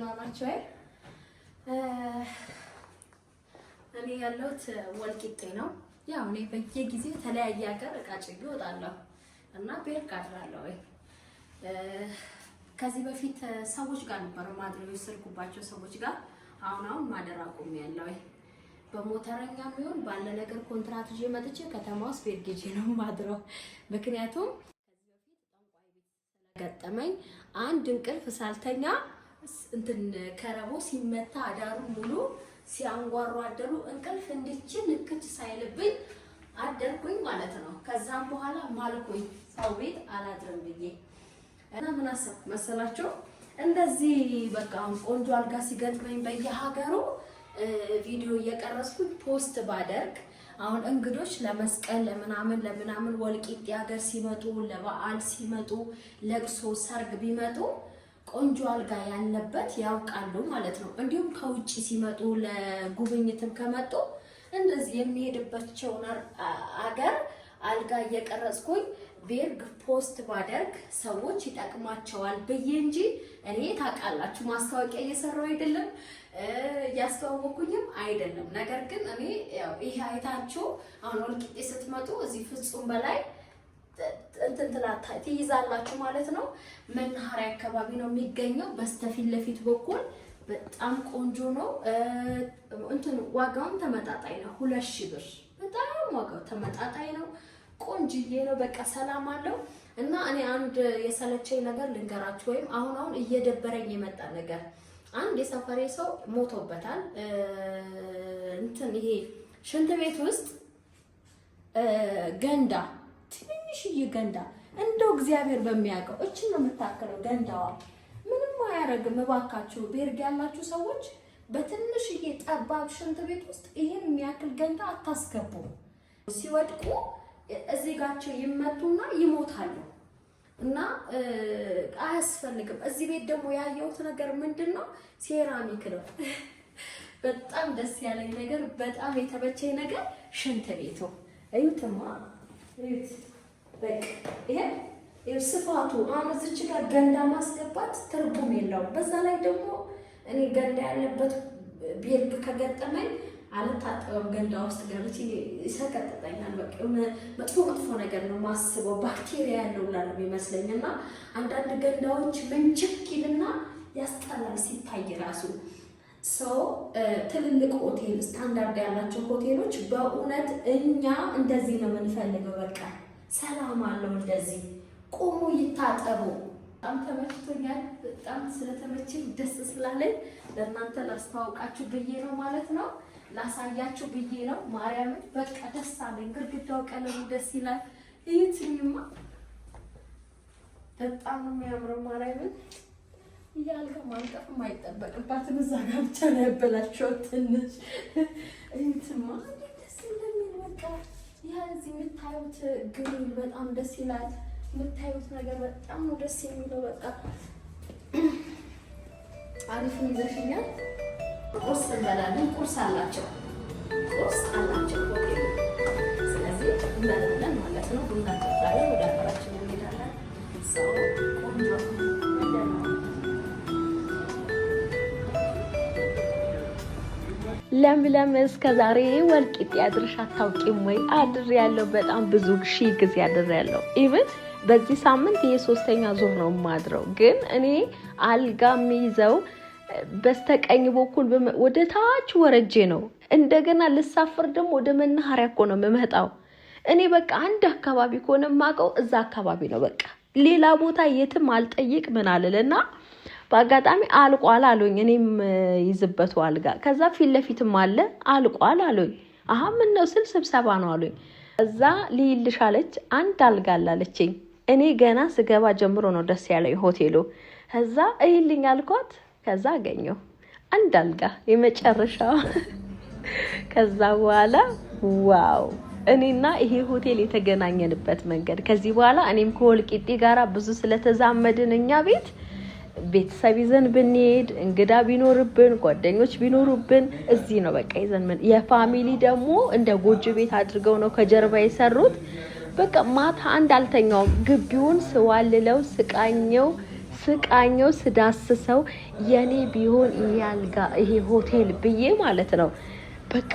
ደህና ናቸው። እኔ ያለሁት ወልቂጤ ነው። ያው እኔ በየጊዜው የተለያየ ሀገር እቃ ጭጌ ወጣለሁ እና ቤርቅ አድራለሁ። ከዚህ በፊት ሰዎች ጋር ነበረ ማድረው የወሰድኩባቸው ሰዎች ጋር። አሁን አሁን ማደር አቁሜያለሁ። በሞተረኛ ቢሆን ባለ ነገር ኮንትራት ይዤ መጥቼ ከተማ ውስጥ ቤት ጊዜ ነው ማድረው። ምክንያቱም ከዚህ በፊት ጠንቋይ ቤት ስለገጠመኝ አንድ እንቅልፍ ሳልተኛ እንትን ከረቦ ሲመታ አዳሩ ሙሉ ሲያንጓሩ አደሩ። እንቅልፍ እንድችል ንክች ሳይልብኝ አደርኩኝ ማለት ነው። ከዛም በኋላ ማልኩኝ ሰው ቤት አላድርም ብዬ እና ምን አሰብኩ መሰላችሁ? እንደዚህ በቃ ቆንጆ አልጋ ሲገጥመኝ በየሀገሩ ቪዲዮ እየቀረጽኩኝ ፖስት ባደርግ አሁን እንግዶች ለመስቀል ለምናምን ለምናምን ወልቂጤ ሀገር ሲመጡ ለበዓል ሲመጡ ለቅሶ ሰርግ ቢመጡ ቆንጆ አልጋ ያለበት ያውቃሉ ማለት ነው። እንዲሁም ከውጭ ሲመጡ ለጉብኝትም ከመጡ እንደዚህ የሚሄድባቸውን አገር አልጋ እየቀረጽኩኝ ቤርግ ፖስት ባደርግ ሰዎች ይጠቅማቸዋል ብዬ እንጂ እኔ ታውቃላችሁ፣ ማስታወቂያ እየሰራው አይደለም፣ እያስተዋወኩኝም አይደለም። ነገር ግን እኔ ይሄ አይታችሁ አሁን ወልቂጤ ስትመጡ እዚህ ፍጹም በላይ እንትን ትይዛላችሁ ማለት ነው። መናኸሪያ አካባቢ ነው የሚገኘው። በስተፊት ለፊት በኩል በጣም ቆንጆ ነው። እንትን ዋጋውም ተመጣጣኝ ነው። ሁለት ሺህ ብር በጣም ዋጋው ተመጣጣኝ ነው። ቆንጅዬ ነው። በቃ ሰላም አለው እና እኔ አንድ የሰለቸኝ ነገር ልንገራችሁ፣ ወይም አሁን አሁን እየደበረኝ የመጣ ነገር አንድ የሰፈሬ ሰው ሞቶበታል። እንትን ይሄ ሽንት ቤት ውስጥ ገንዳ ትንሽዬ ገንዳ እንደው እግዚአብሔር በሚያውቀው እችን ነው የምታክለው ገንዳዋ። ምንም አያደርግም። እባካችሁ ቤርግ ያላችሁ ሰዎች በትንሽዬ ጠባብ ሽንት ቤት ውስጥ ይህን የሚያክል ገንዳ አታስገቡ። ሲወድቁ እዚህ ጋቸው ይመቱና ይሞታሉ። እና አያስፈልግም። እዚህ ቤት ደግሞ ያየሁት ነገር ምንድን ነው? ሴራሚክ ነው። በጣም ደስ ያለኝ ነገር፣ በጣም የተመቸኝ ነገር ሽንት ቤቱ እዩትማ፣ እዩት ይሄ ስፋቱ አሁን እዚች ጋር ገንዳ ማስገባት ትርጉም የለው። በዛ ላይ ደግሞ እኔ ገንዳ ያለበት ቤት ከገጠመኝ አልታጠበም። ገንዳ ውስጥ ገብቼ ይሰቀጥጠኛል። በቃ መጥፎ መጥፎ ነገር ነው ማስበው፣ ባክቴሪያ ያለው ላለ ይመስለኝ እና አንዳንድ ገንዳዎች መንቸኪልና ያስጠላል ሲታይ ራሱ ሰው ትልልቅ ሆቴል ስታንዳርድ ያላቸው ሆቴሎች በእውነት እኛ እንደዚህ ነው የምንፈልገው በቃ ሰላም አለው። እንደዚህ ቁሙ፣ ይታጠቡ። በጣም ተመችቶኛል። በጣም ስለተመቸኝ ደስ ስላለኝ ለእናንተ ላስተዋውቃችሁ ብዬ ነው ማለት ነው፣ ላሳያችሁ ብዬ ነው። ማርያምን በቃ ደስ አለኝ። ግድግዳው ቀለሙ ደስ ይላል። እዩትኝማ፣ በጣም ነው የሚያምረው። ማርያምን እያልከ ማንጠፍም አይጠበቅባትም። እዛ ጋ ብቻ ነው ያበላቸው ትንሽ እዩትማ፣ ደስ እንደሚል በቃ ይህ እዚህ የምታዩት ግሪን በጣም ደስ ይላል። የምታዩት ነገር በጣም ነው ደስ የሚለው። በጣም አሪፍ ይዘሽኛል። ቁርስ እንበላለን። ቁርስ አላቸው፣ ቁርስ አላቸው። ስለዚህ እንበላለን ማለት ነው። ቡና ወደ ሀገራችን እንሄዳለን። ለምለም እስከ ዛሬ ወልቂጤ አድርሽ አታውቂም ወይ? አድር ያለው በጣም ብዙ ሺ ጊዜ ያለው ኢቭን በዚህ ሳምንት ይሄ ሶስተኛ ዙር ነው የማድረው። ግን እኔ አልጋ የሚይዘው በስተቀኝ በኩል ወደ ታች ወረጄ ነው። እንደገና ልሳፍር ደግሞ ወደ መናኸሪያ እኮ ነው የምመጣው። እኔ በቃ አንድ አካባቢ ከሆነ የማውቀው እዛ አካባቢ ነው። በቃ ሌላ ቦታ የትም አልጠይቅ ምን አልል እና በአጋጣሚ አልቋል አሉኝ። እኔም ይዝበቱ አልጋ ከዛ ፊት ለፊትም አለ አልቋል አሉኝ። አሀ ምን ነው ስል ስብሰባ ነው አሉኝ። እዛ ልይልሽ አለች አንድ አልጋ አላለችኝ። እኔ ገና ስገባ ጀምሮ ነው ደስ ያለኝ ሆቴሉ። ከዛ እይልኝ አልኳት። ከዛ አገኘው አንድ አልጋ የመጨረሻው። ከዛ በኋላ ዋው እኔና ይሄ ሆቴል የተገናኘንበት መንገድ ከዚህ በኋላ እኔም ከወልቂጤ ጋራ ብዙ ስለተዛመድን እኛ ቤት ቤተሰብ ይዘን ብንሄድ እንግዳ ቢኖርብን ጓደኞች ቢኖሩብን እዚህ ነው በቃ ይዘን ምን የፋሚሊ ደግሞ እንደ ጎጆ ቤት አድርገው ነው ከጀርባ የሰሩት። በቃ ማታ አንድ አልተኛውም። ግቢውን ስዋልለው ስቃኘው ስቃኘው ስዳስሰው የኔ ቢሆን ይሄ አልጋ ይሄ ሆቴል ብዬ ማለት ነው በቃ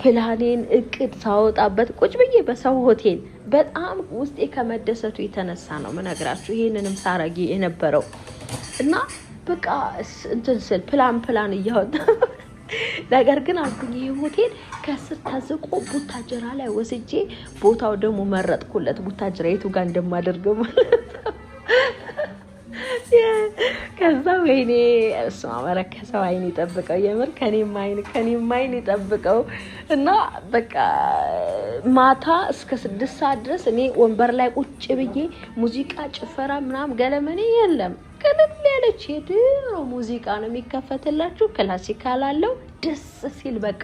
ፕላኔን እቅድ ሳወጣበት ቁጭ ብዬ በሰው ሆቴል በጣም ውስጤ ከመደሰቱ የተነሳ ነው ምነግራችሁ ይህንንም ሳረጊ የነበረው እና በቃ እንትን ስል ፕላን ፕላን እያወጣ ነገር ግን አልኩኝ ይህ ሆቴል ከስር ተዝቆ ቡታጀራ ላይ ወስጄ ቦታው ደግሞ መረጥኩለት። ቡታጀራ የቱ ጋር እንደማደርገው ማለት ነው። ከዛ ወይኔ እሱ አመረከሰው አይን ይጠብቀው፣ የምር ከኔም አይን ከኔም አይን ይጠብቀው። እና በቃ ማታ እስከ ስድስት ሰዓት ድረስ እኔ ወንበር ላይ ቁጭ ብዬ ሙዚቃ፣ ጭፈራ ምናምን ገለመኔ የለም። ቅልል ያለች የድሮ ሙዚቃ ነው የሚከፈትላችሁ። ክላሲካል አለው ደስ ሲል በቃ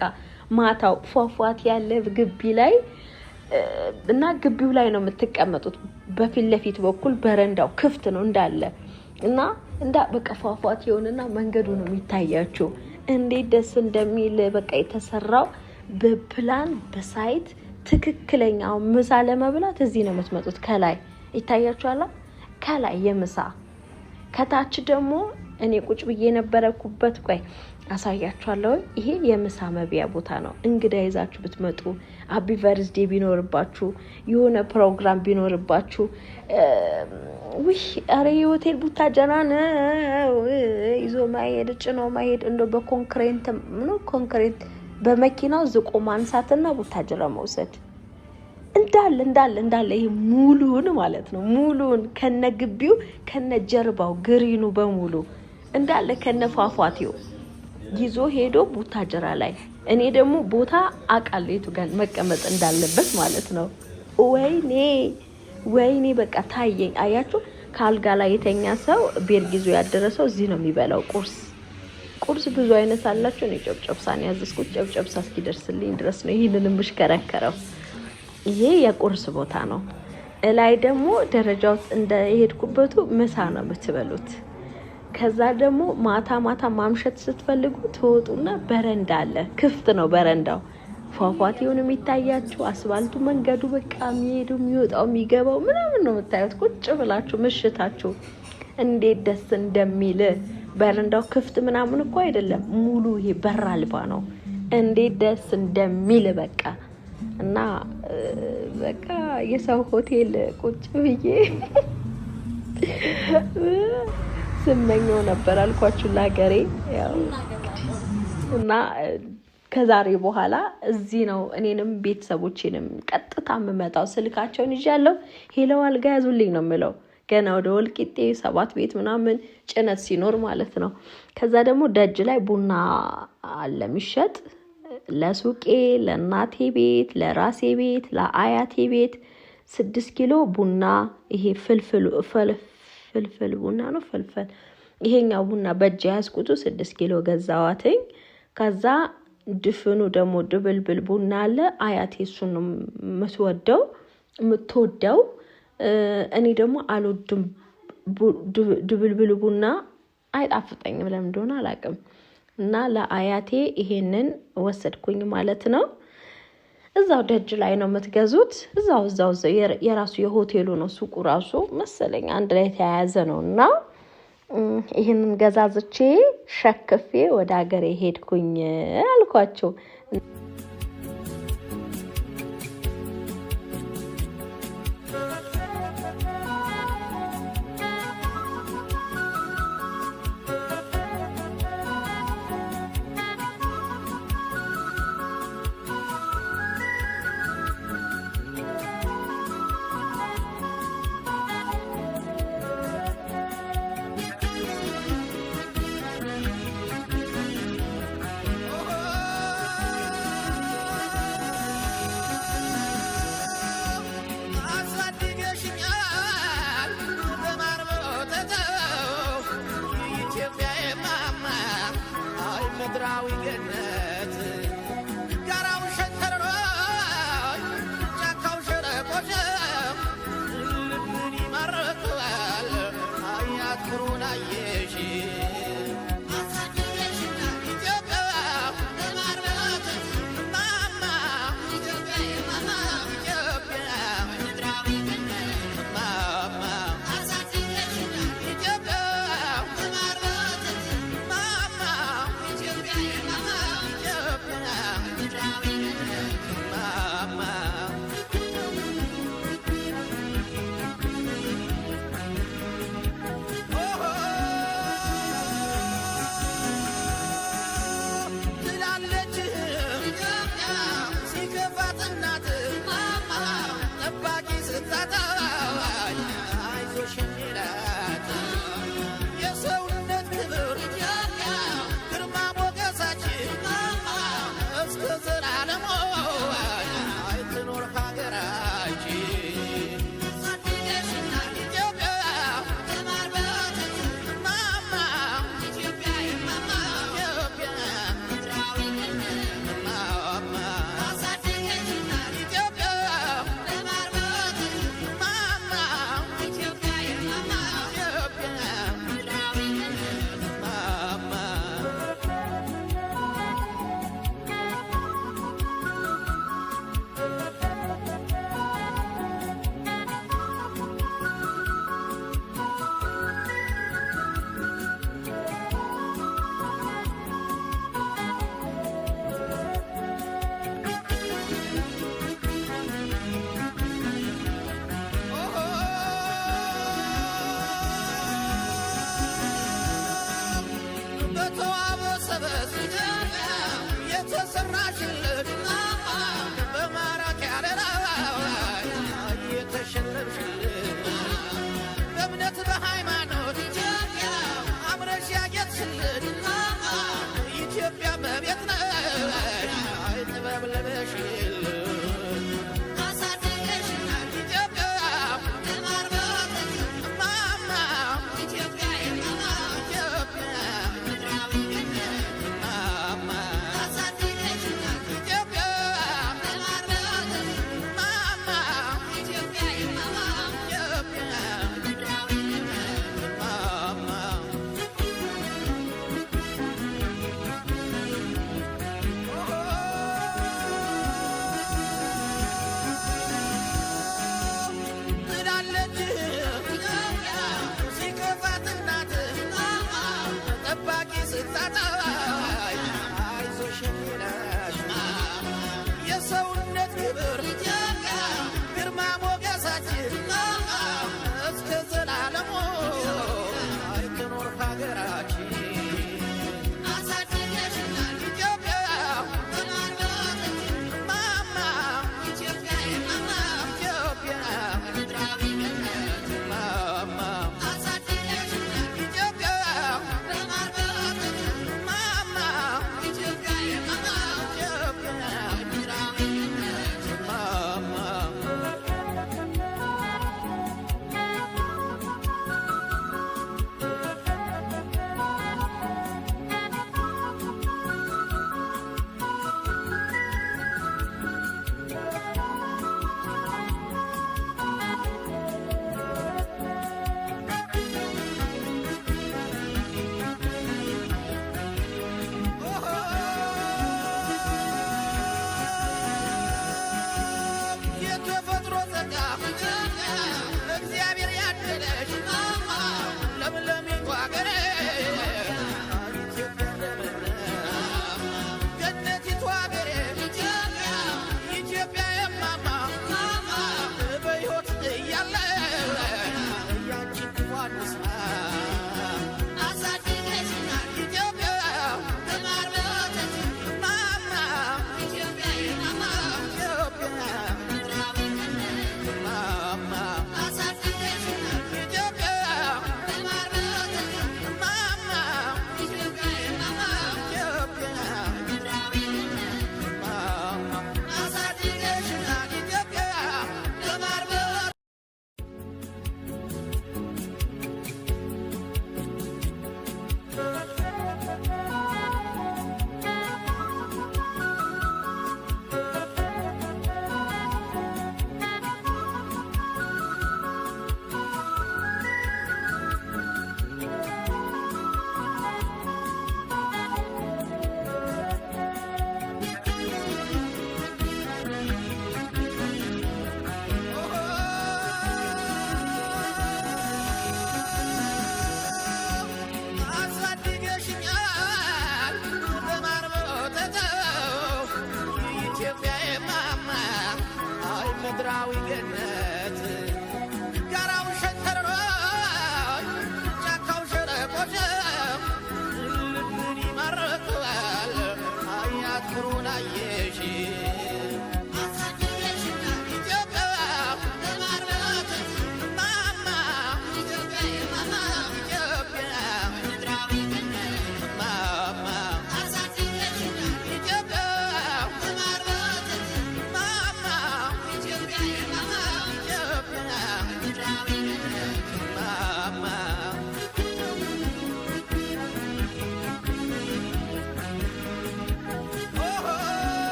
ማታው ፏፏት ያለ ግቢ ላይ እና ግቢው ላይ ነው የምትቀመጡት። በፊት ለፊት በኩል በረንዳው ክፍት ነው እንዳለ እና እንዳ በቃ ፏፏት የሆነና መንገዱ ነው የሚታያቸው እንዴት ደስ እንደሚል በቃ የተሰራው በፕላን በሳይት ትክክለኛው ምሳ ለመብላት እዚህ ነው የምትመጡት። ከላይ ይታያችኋላ። ከላይ የምሳ ከታች ደግሞ እኔ ቁጭ ብዬ የነበረኩበት ቆይ አሳያችኋለሁ። ይሄ የምሳ መብያ ቦታ ነው። እንግዳ ይዛችሁ ብትመጡ አቢ ቢኖርባችሁ፣ የሆነ ፕሮግራም ቢኖርባችሁ፣ ውይ አረ የሆቴል ቡታ ጀና ነው ይዞ ማሄድ ጭኖ ማሄድ እንደ በኮንክሬት ነው ኮንክሬት በመኪናው ዝቆ ማንሳትና ቡታጅራ መውሰድ እንዳለ እንዳለ እንዳለ ይህ ሙሉን ማለት ነው። ሙሉን ከነ ግቢው ከነ ጀርባው ግሪኑ በሙሉ እንዳለ ከነ ፏፏቴው ይዞ ሄዶ ቡታጀራ ላይ እኔ ደግሞ ቦታ አውቃለሁ የቱ ጋር መቀመጥ እንዳለበት ማለት ነው። ወይኔ ወይኔ በቃ ታየኝ። አያችሁ ከአልጋ ላይ የተኛ ሰው ቤር ጊዞ ያደረሰው እዚህ ነው የሚበላው ቁርስ ቁርስ ብዙ አይነት አላቸው። እኔ ጨብጨብሳን ያዘዝኩት ጨብጨብሳ እስኪደርስልኝ ድረስ ነው ይህንን የምሽከረከረው። ይሄ የቁርስ ቦታ ነው። እላይ ደግሞ ደረጃ ውስጥ እንደሄድኩበቱ ምሳ ነው የምትበሉት። ከዛ ደግሞ ማታ ማታ ማምሸት ስትፈልጉ ትወጡና በረንዳ አለ። ክፍት ነው በረንዳው። ፏፏቴውን የሚታያችሁ አስፋልቱ፣ መንገዱ በቃ የሚሄዱ የሚወጣው የሚገባው ምናምን ነው የምታዩት። ቁጭ ብላችሁ ምሽታችሁ እንዴት ደስ እንደሚል በረንዳው ክፍት ምናምን እኮ አይደለም፣ ሙሉ ይሄ በር አልባ ነው። እንዴት ደስ እንደሚል በቃ እና በቃ የሰው ሆቴል ቁጭ ብዬ ስመኘው ነበር አልኳችሁ ለሀገሬ እና ከዛሬ በኋላ እዚህ ነው እኔንም ቤተሰቦቼንም ቀጥታ የምመጣው። ስልካቸውን ይዣለሁ። ሄለው አልጋ ያዙልኝ ነው የምለው። ገና ወደ ወልቂጤ ሰባት ቤት ምናምን ጭነት ሲኖር ማለት ነው። ከዛ ደግሞ ደጅ ላይ ቡና አለ የሚሸጥ ለሱቄ፣ ለእናቴ ቤት፣ ለራሴ ቤት፣ ለአያቴ ቤት ስድስት ኪሎ ቡና ይሄ ፍልፍል ፍልፍል ቡና ነው ፍልፍል። ይሄኛው ቡና በእጅ ያዝቁጡ ስድስት ኪሎ ገዛዋትኝ። ከዛ ድፍኑ ደግሞ ድብልብል ቡና አለ አያቴ እሱን ነው የምትወደው የምትወደው። እኔ ደግሞ አልወድም ድብልብል ቡና አይጣፍጠኝም፣ ለምን እንደሆነ አላውቅም። እና ለአያቴ ይሄንን ወሰድኩኝ ማለት ነው። እዛው ደጅ ላይ ነው የምትገዙት። እዛው እዛው የራሱ የሆቴሉ ነው ሱቁ ራሱ መሰለኝ አንድ ላይ የተያያዘ ነው እና ይህንን ገዛዝቼ ሸክፌ ወደ ሀገር ሄድኩኝ አልኳቸው። የሰውነት ክብር